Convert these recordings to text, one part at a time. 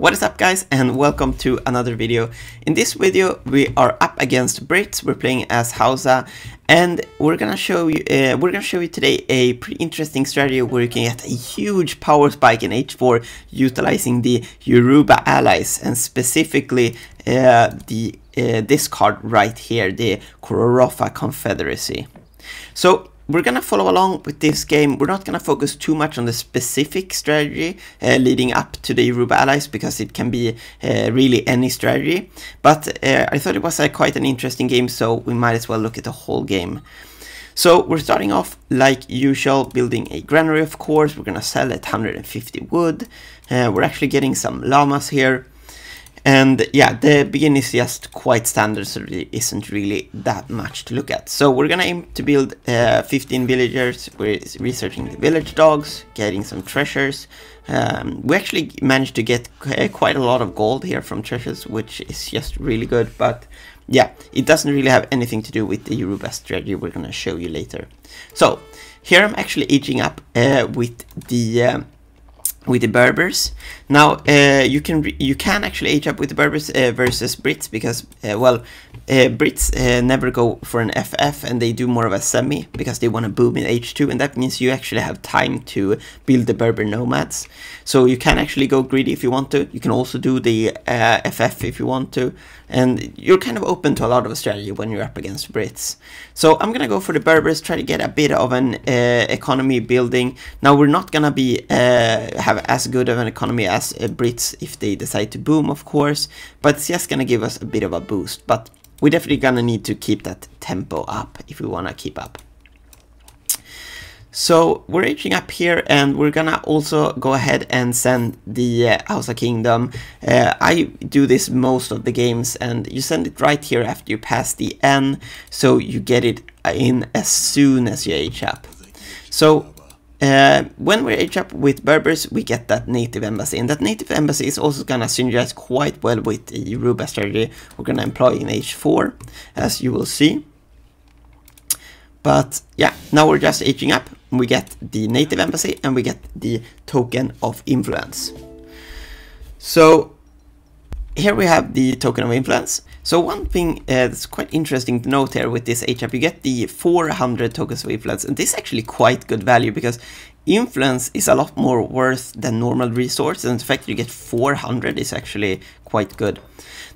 What is up guys and welcome to another video. In this video we are up against Brits, we're playing as Hausa and we're gonna show you uh, we're gonna show you today a pretty interesting strategy where you can get a huge power spike in H4 utilizing the Yoruba allies and specifically uh, the uh, this card right here, the Kororofa Confederacy. So we're gonna follow along with this game. We're not gonna focus too much on the specific strategy uh, leading up to the Yoruba allies because it can be uh, really any strategy. But uh, I thought it was quite an interesting game, so we might as well look at the whole game. So we're starting off like usual, building a granary of course, we're gonna sell at 150 wood. Uh, we're actually getting some llamas here. And yeah, the begin is just quite standard, so there isn't really that much to look at. So we're gonna aim to build uh, 15 villagers. We're researching the village dogs, getting some treasures. Um, we actually managed to get uh, quite a lot of gold here from treasures, which is just really good. But yeah, it doesn't really have anything to do with the Yoruba strategy we're gonna show you later. So here I'm actually aging up uh, with the uh, with the Berbers. Now uh, you can you can actually age up with the Berbers uh, versus Brits because uh, well, uh, Brits uh, never go for an FF and they do more of a semi because they want to boom in H2 and that means you actually have time to build the Berber nomads. So you can actually go greedy if you want to. You can also do the FF uh, if you want to, and you're kind of open to a lot of strategy when you're up against Brits. So I'm gonna go for the Berbers, try to get a bit of an economy building. Now we're not gonna be have as good of an economy as as uh, Brits if they decide to boom, of course, but it's just gonna give us a bit of a boost. But we're definitely gonna need to keep that tempo up if we wanna keep up. So we're aging up here and we're gonna also go ahead and send the uh, House of Kingdom. Uh, I do this most of the games and you send it right here after you pass the N so you get it uh, in as soon as you age up. So uh, when we age up with Berbers, we get that native embassy, and that native embassy is also gonna synergize quite well with the Ruba strategy we're gonna employ in H4, as you will see. But yeah, now we're just aging up. We get the native embassy and we get the token of influence. So here we have the token of influence. So one thing uh, that's quite interesting to note here with this HF, you get the 400 tokens of influence, and this is actually quite good value because influence is a lot more worth than normal resource, and the fact you get 400 is actually quite good.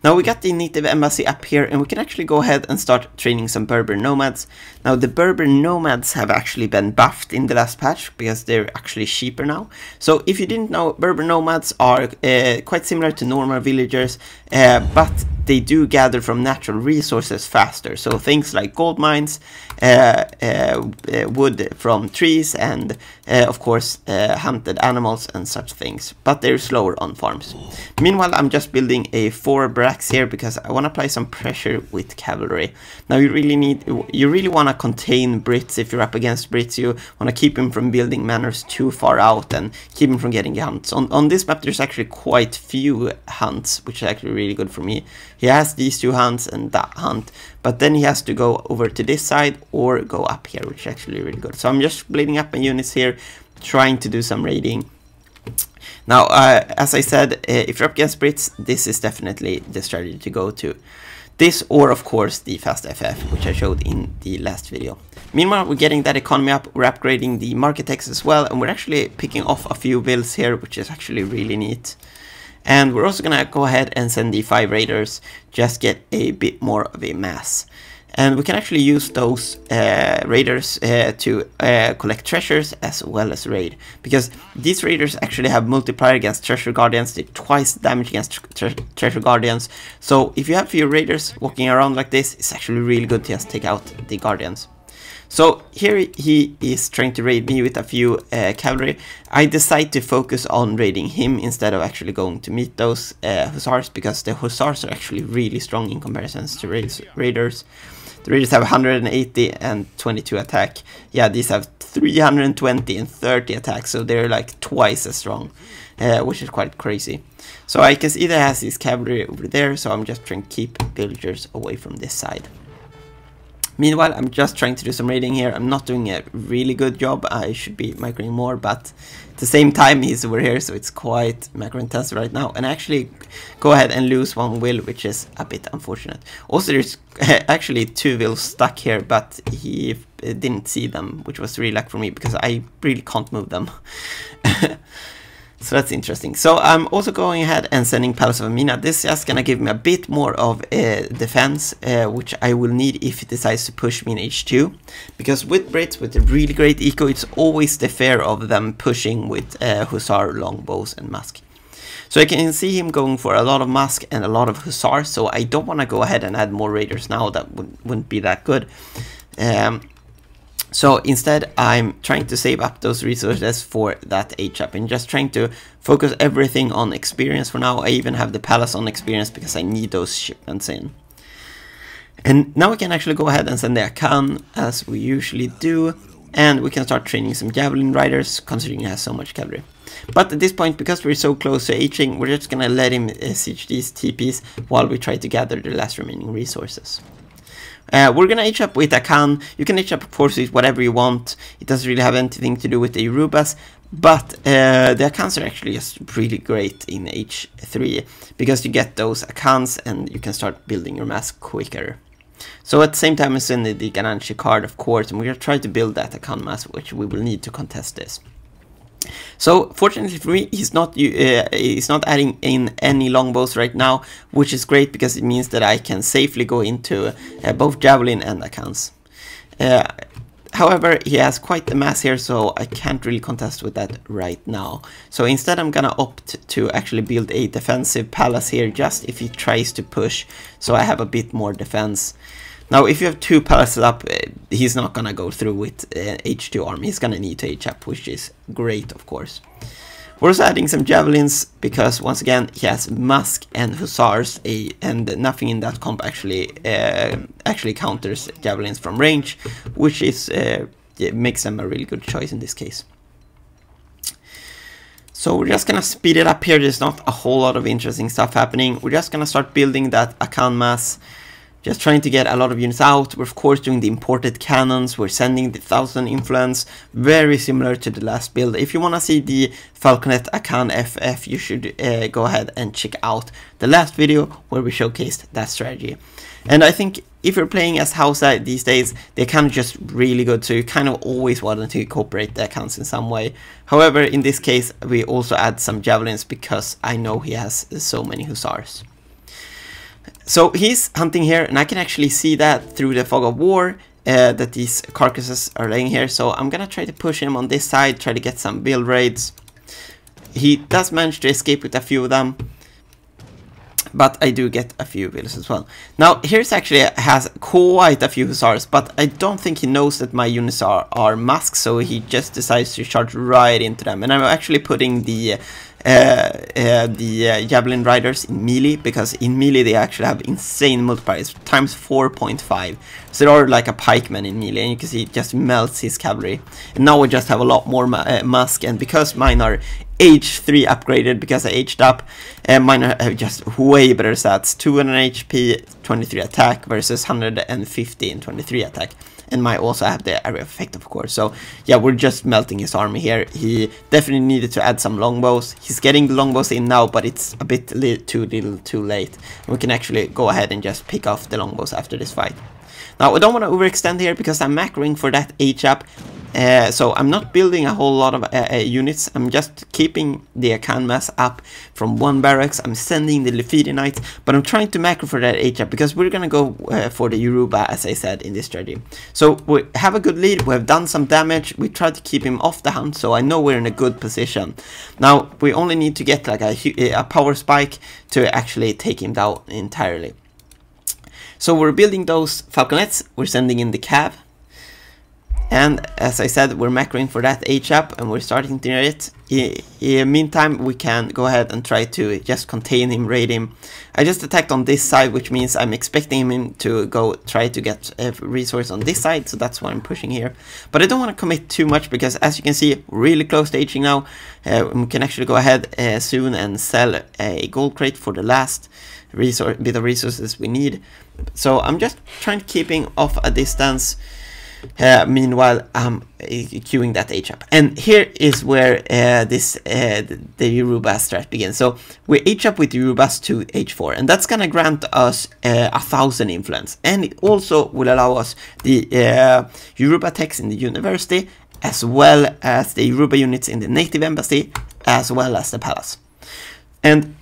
Now we got the native embassy up here and we can actually go ahead and start training some Berber nomads. Now the Berber nomads have actually been buffed in the last patch because they're actually cheaper now. So if you didn't know, Berber nomads are uh, quite similar to normal villagers, uh, but they do gather from natural resources faster. So things like gold mines, uh, uh, uh wood from trees, and uh, of course uh, hunted animals and such things. But they're slower on farms. Meanwhile, I'm just building building a 4 Brax here because I want to apply some pressure with cavalry. Now you really need, you really want to contain Brits if you're up against Brits. You want to keep him from building manors too far out and keep him from getting hunts. On, on this map there's actually quite few hunts, which is actually really good for me. He has these two hunts and that hunt, but then he has to go over to this side or go up here, which is actually really good. So I'm just building up my units here, trying to do some raiding now, uh, as I said, uh, if you're up against Brits, this is definitely the strategy to go to. This or, of course, the fast FF, which I showed in the last video. Meanwhile, we're getting that economy up, we're upgrading the market techs as well, and we're actually picking off a few builds here, which is actually really neat. And we're also gonna go ahead and send the 5 raiders, just get a bit more of a mass and we can actually use those uh, raiders uh, to uh, collect treasures as well as raid because these raiders actually have multiplier against treasure guardians they twice damage against tre treasure guardians so if you have few raiders walking around like this it's actually really good to just take out the guardians so here he is trying to raid me with a few uh, cavalry. I decide to focus on raiding him instead of actually going to meet those uh, hussars because the hussars are actually really strong in comparison to ra raiders. The Raiders have 180 and 22 attack. Yeah, these have 320 and 30 attack, so they're like twice as strong, uh, which is quite crazy. So I guess either has his cavalry over there, so I'm just trying to keep villagers away from this side. Meanwhile, I'm just trying to do some raiding here. I'm not doing a really good job. I should be microing more, but at the same time, he's over here, so it's quite macro intensive right now. And I actually go ahead and lose one will, which is a bit unfortunate. Also, there's actually two wills stuck here, but he didn't see them, which was really luck for me because I really can't move them. So that's interesting. So I'm also going ahead and sending Palace of Amina. This is just gonna give me a bit more of a defense, uh, which I will need if it decides to push me in h2. Because with Brits, with a really great eco, it's always the fear of them pushing with uh, Hussar, Longbows and Musk. So I can see him going for a lot of Musk and a lot of Hussar, so I don't want to go ahead and add more Raiders now, that wouldn't, wouldn't be that good. Um, so instead, I'm trying to save up those resources for that HAP and just trying to focus everything on experience for now. I even have the palace on experience because I need those shipments in. And now we can actually go ahead and send the Akan as we usually do. And we can start training some javelin riders considering he has so much cavalry. But at this point, because we're so close to aging, we're just gonna let him uh, siege these TPs while we try to gather the last remaining resources. Uh, we're gonna age up with Akan, you can age up forces whatever you want, it doesn't really have anything to do with the Yorubas, but uh, the Akans are actually just really great in H3, because you get those Akans and you can start building your mass quicker. So at the same time as in the, Gananchi card, of course, and we're gonna try to build that Akan mass, which we will need to contest this. So fortunately for me, he's not uh, he's not adding in any longbows right now, which is great because it means that I can safely go into uh, both javelin and accounts. Uh, however, he has quite the mass here, so I can't really contest with that right now. So instead I'm gonna opt to actually build a defensive palace here just if he tries to push, so I have a bit more defense. Now, if you have two palaces up, eh, he's not gonna go through with uh, eh, h2 army. He's gonna need to h up, which is great, of course. We're also adding some javelins, because once again, he has musk and hussars, a, and nothing in that comp actually uh, actually counters javelins from range, which is uh, makes them a really good choice in this case. So we're just gonna speed it up here, there's not a whole lot of interesting stuff happening. We're just gonna start building that Akan mass just trying to get a lot of units out. We're of course doing the imported cannons, we're sending the 1000 influence, very similar to the last build. If you want to see the Falconet Akan FF, you should uh, go ahead and check out the last video where we showcased that strategy. And I think if you're playing as Hausa these days, they're kind of just really good, so you kind of always want to incorporate their accounts in some way. However, in this case, we also add some javelins because I know he has so many hussars. So he's hunting here and I can actually see that through the fog of war uh, that these carcasses are laying here. So I'm gonna try to push him on this side, try to get some build raids. He does manage to escape with a few of them but I do get a few kills as well. Now, here's actually has quite a few hussars, but I don't think he knows that my units are, are masks, so he just decides to charge right into them. And I'm actually putting the uh, uh, the uh, Javelin Riders in melee, because in melee they actually have insane multipliers, times 4.5. So they are like a pikeman in melee, and you can see it just melts his cavalry. And now we just have a lot more ma uh, mask, and because mine are H3 upgraded because I aged up. And mine have just way better stats. 200 HP, 23 attack versus 150 and 23 attack. And my also have the area effect, of course. So yeah, we're just melting his army here. He definitely needed to add some longbows. He's getting the longbows in now, but it's a bit li too little too late. We can actually go ahead and just pick off the longbows after this fight. Now, I don't want to overextend here because I'm macroing for that H up, uh, so I'm not building a whole lot of uh, uh units, I'm just keeping the canvas mass up from one barracks, I'm sending the Lefidi Knights, but I'm trying to macro for that HF because we're gonna go uh, for the Yoruba as I said in this strategy. So we have a good lead, we have done some damage, we tried to keep him off the hunt so I know we're in a good position. Now we only need to get like a, uh, a power spike to actually take him down entirely. So we're building those falconets, we're sending in the cav, and as I said, we're macroing for that HAP and we're starting to near it. In the meantime, we can go ahead and try to just contain him, raid him. I just attacked on this side, which means I'm expecting him to go try to get a resource on this side, so that's why I'm pushing here. But I don't want to commit too much because as you can see, really close to aging now. Uh, we can actually go ahead uh, soon and sell a gold crate for the last resource, bit of resources we need. So I'm just trying to keeping off a distance uh, meanwhile, I'm uh, queuing that HAP. And here is where uh, this uh, the Yoruba strat begins. So we HAP with Yorubas to H4, and that's gonna grant us uh, a thousand influence. And it also will allow us the uh, Yoruba in the university, as well as the Yoruba units in the native embassy, as well as the palace. And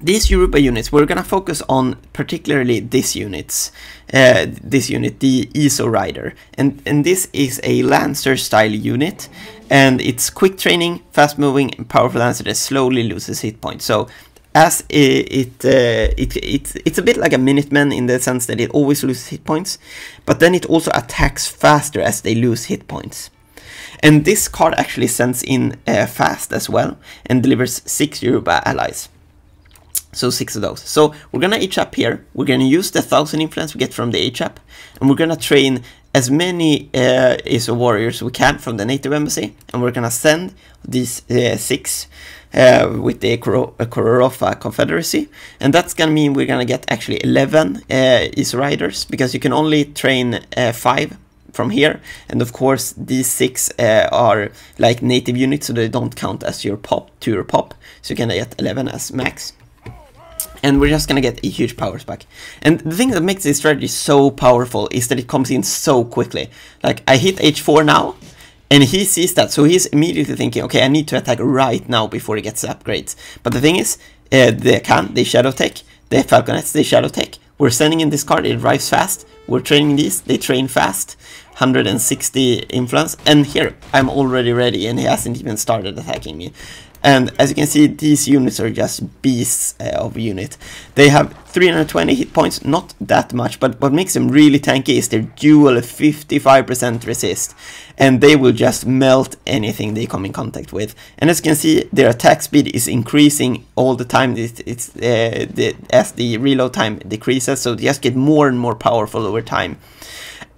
these Europa units, we're going to focus on particularly this unit's, uh, this unit, the ESO Rider. And, and this is a Lancer-style unit, and it's quick training, fast-moving, and powerful Lancer that slowly loses hit points. So as it, it, uh, it, it, it's a bit like a Minuteman in the sense that it always loses hit points, but then it also attacks faster as they lose hit points. And this card actually sends in uh, fast as well, and delivers 6 Europa allies. So six of those. So we're gonna HAP here. We're gonna use the thousand influence we get from the HAP, and we're gonna train as many uh, ISO warriors we can from the native embassy, and we're gonna send these uh, six uh, with the Koro uh, Kororofa Confederacy, and that's gonna mean we're gonna get actually 11 uh, ISO riders because you can only train uh, five from here, and of course these six uh, are like native units, so they don't count as your pop to your pop, so you're gonna get 11 as max and we're just gonna get a huge power spike. And the thing that makes this strategy so powerful is that it comes in so quickly. Like, I hit h4 now, and he sees that, so he's immediately thinking, okay, I need to attack right now before he gets upgrades. But the thing is, uh, they can, they shadow tech, they falconets, they shadow tech. We're sending in this card, it arrives fast. We're training these, they train fast. 160 influence, and here, I'm already ready, and he hasn't even started attacking me. And as you can see, these units are just beasts uh, of a unit. They have 320 hit points, not that much, but what makes them really tanky is their dual 55% resist. And they will just melt anything they come in contact with. And as you can see, their attack speed is increasing all the time it's, it's uh, the, as the reload time decreases, so they just get more and more powerful over time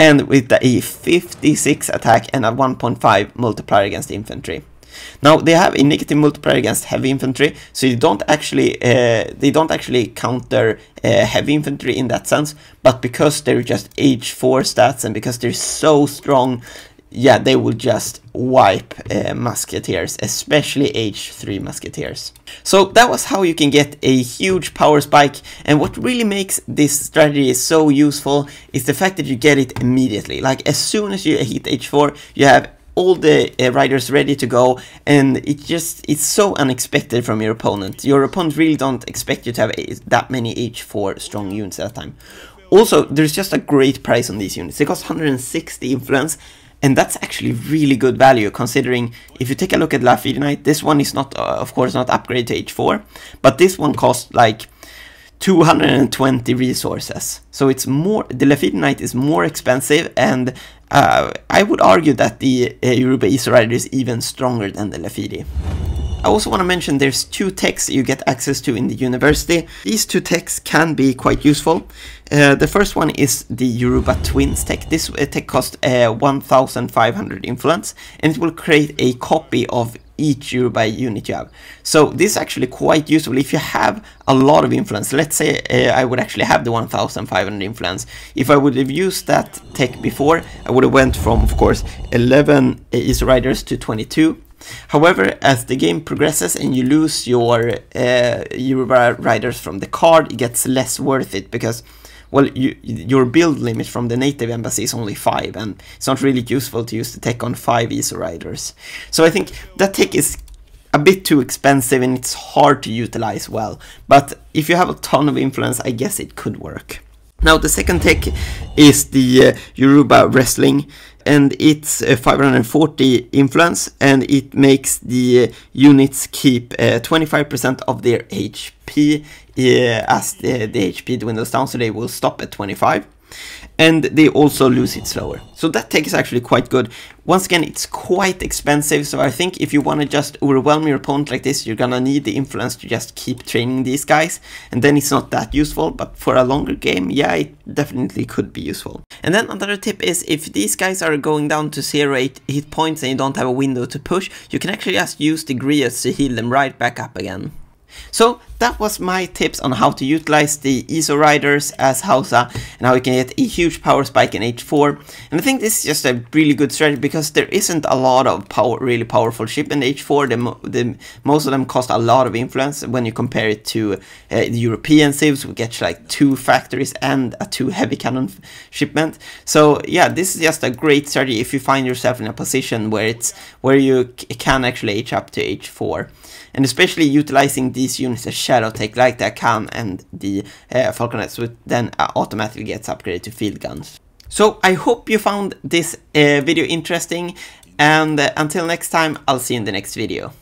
and with a 56 attack and a 1.5 multiplier against infantry. Now they have a negative multiplier against heavy infantry, so they don't actually uh, they don't actually counter uh, heavy infantry in that sense. But because they're just H4 stats and because they're so strong, yeah, they will just wipe uh, musketeers, especially H3 musketeers. So that was how you can get a huge power spike and what really makes this strategy so useful is the fact that you get it immediately. Like as soon as you hit H4 you have all the uh, riders ready to go and it just it's so unexpected from your opponent. Your opponent really don't expect you to have that many H4 strong units at a time. Also, there's just a great price on these units. They cost 160 influence and that's actually really good value considering if you take a look at Lafitte Knight, this one is not, uh, of course, not upgraded to H4, but this one costs like 220 resources. So it's more, the Knight is more expensive and uh, I would argue that the uh, Yoruba Easter Rider is even stronger than the Lefidi. I also want to mention there's two texts you get access to in the university. These two texts can be quite useful. Uh, the first one is the Yoruba Twins tech. This uh, tech costs uh, 1500 influence and it will create a copy of each euro by unit you have. So this is actually quite useful if you have a lot of influence. Let's say uh, I would actually have the 1500 influence. If I would have used that tech before, I would have went from, of course, 11 uh, East Riders to 22. However, as the game progresses and you lose your uh, Riders from the card, it gets less worth it because well, you, your build limit from the native embassy is only 5, and it's not really useful to use the tech on 5 ESO riders. So I think that tech is a bit too expensive and it's hard to utilize well, but if you have a ton of influence, I guess it could work. Now the second tech is the uh, Yoruba Wrestling and it's uh, 540 influence and it makes the uh, units keep 25% uh, of their HP uh, as the, the HP dwindles down, so they will stop at 25 and they also lose it slower. So that tech is actually quite good. Once again, it's quite expensive, so I think if you want to just overwhelm your opponent like this, you're gonna need the influence to just keep training these guys, and then it's not that useful, but for a longer game, yeah, it definitely could be useful. And then another tip is if these guys are going down to 0 8 hit points and you don't have a window to push, you can actually just use the Grias to heal them right back up again. So that was my tips on how to utilize the ESO riders as Hausa and how you can get a huge power spike in H4. And I think this is just a really good strategy because there isn't a lot of power, really powerful ship in H4. The, the most of them cost a lot of influence when you compare it to uh, the European sieves, we get like two factories and a two heavy cannon shipment. So yeah, this is just a great strategy if you find yourself in a position where it's where you can actually H up to H4, and especially utilizing these units as Shadow Take like that can and the uh, eh, Falconets would then eh, automatically gets upgraded to field guns. So I hope you found this eh, video interesting and until next time I'll see you in the next video.